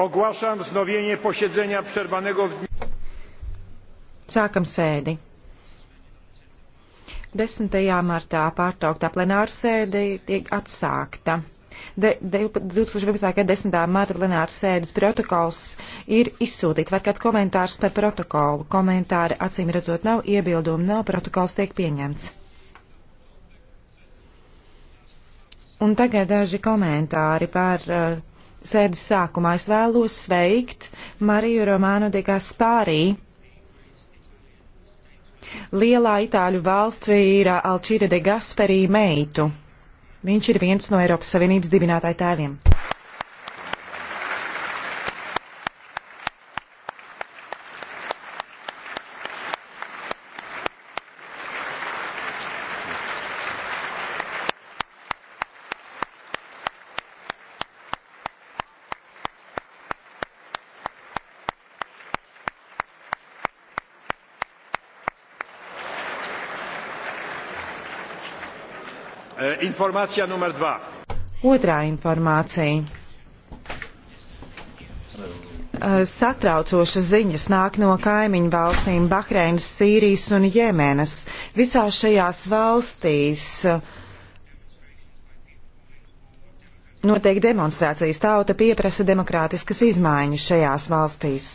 Ogłaszam wznowienie posiedzenia przerwanego w dniu. Sākam sēdi. 10. martā pārtrauktā plenāra sēde tiek atsākta. De, de, 2011. gada 10. marta plenāra sēdes protokols ir izsūtīts. Vai kāds komentārs par protokolu? Komentāri acīm redzot nav, iebildumi nav, protokols tiek pieņemts. Un tagad daži komentāri par uh, sēdes sākumā es vēlos sveikt Mariju Romānu de Gaspārī. Lielā itāļu valsts vīra Alčīta de Gasperī meitu. Viņš ir viens no Eiropas Savienības dibinātāju tēviem. Informācija numur 2. Otrā informācija. Satraucošas ziņas nāk no kaimiņu valstīm Bahreinas, Sīrijas un Jemenas. Visās šajās valstīs e, notiek demonstrācijas. Tauta pieprasa demokrātiskas izmaiņas šajās valstīs.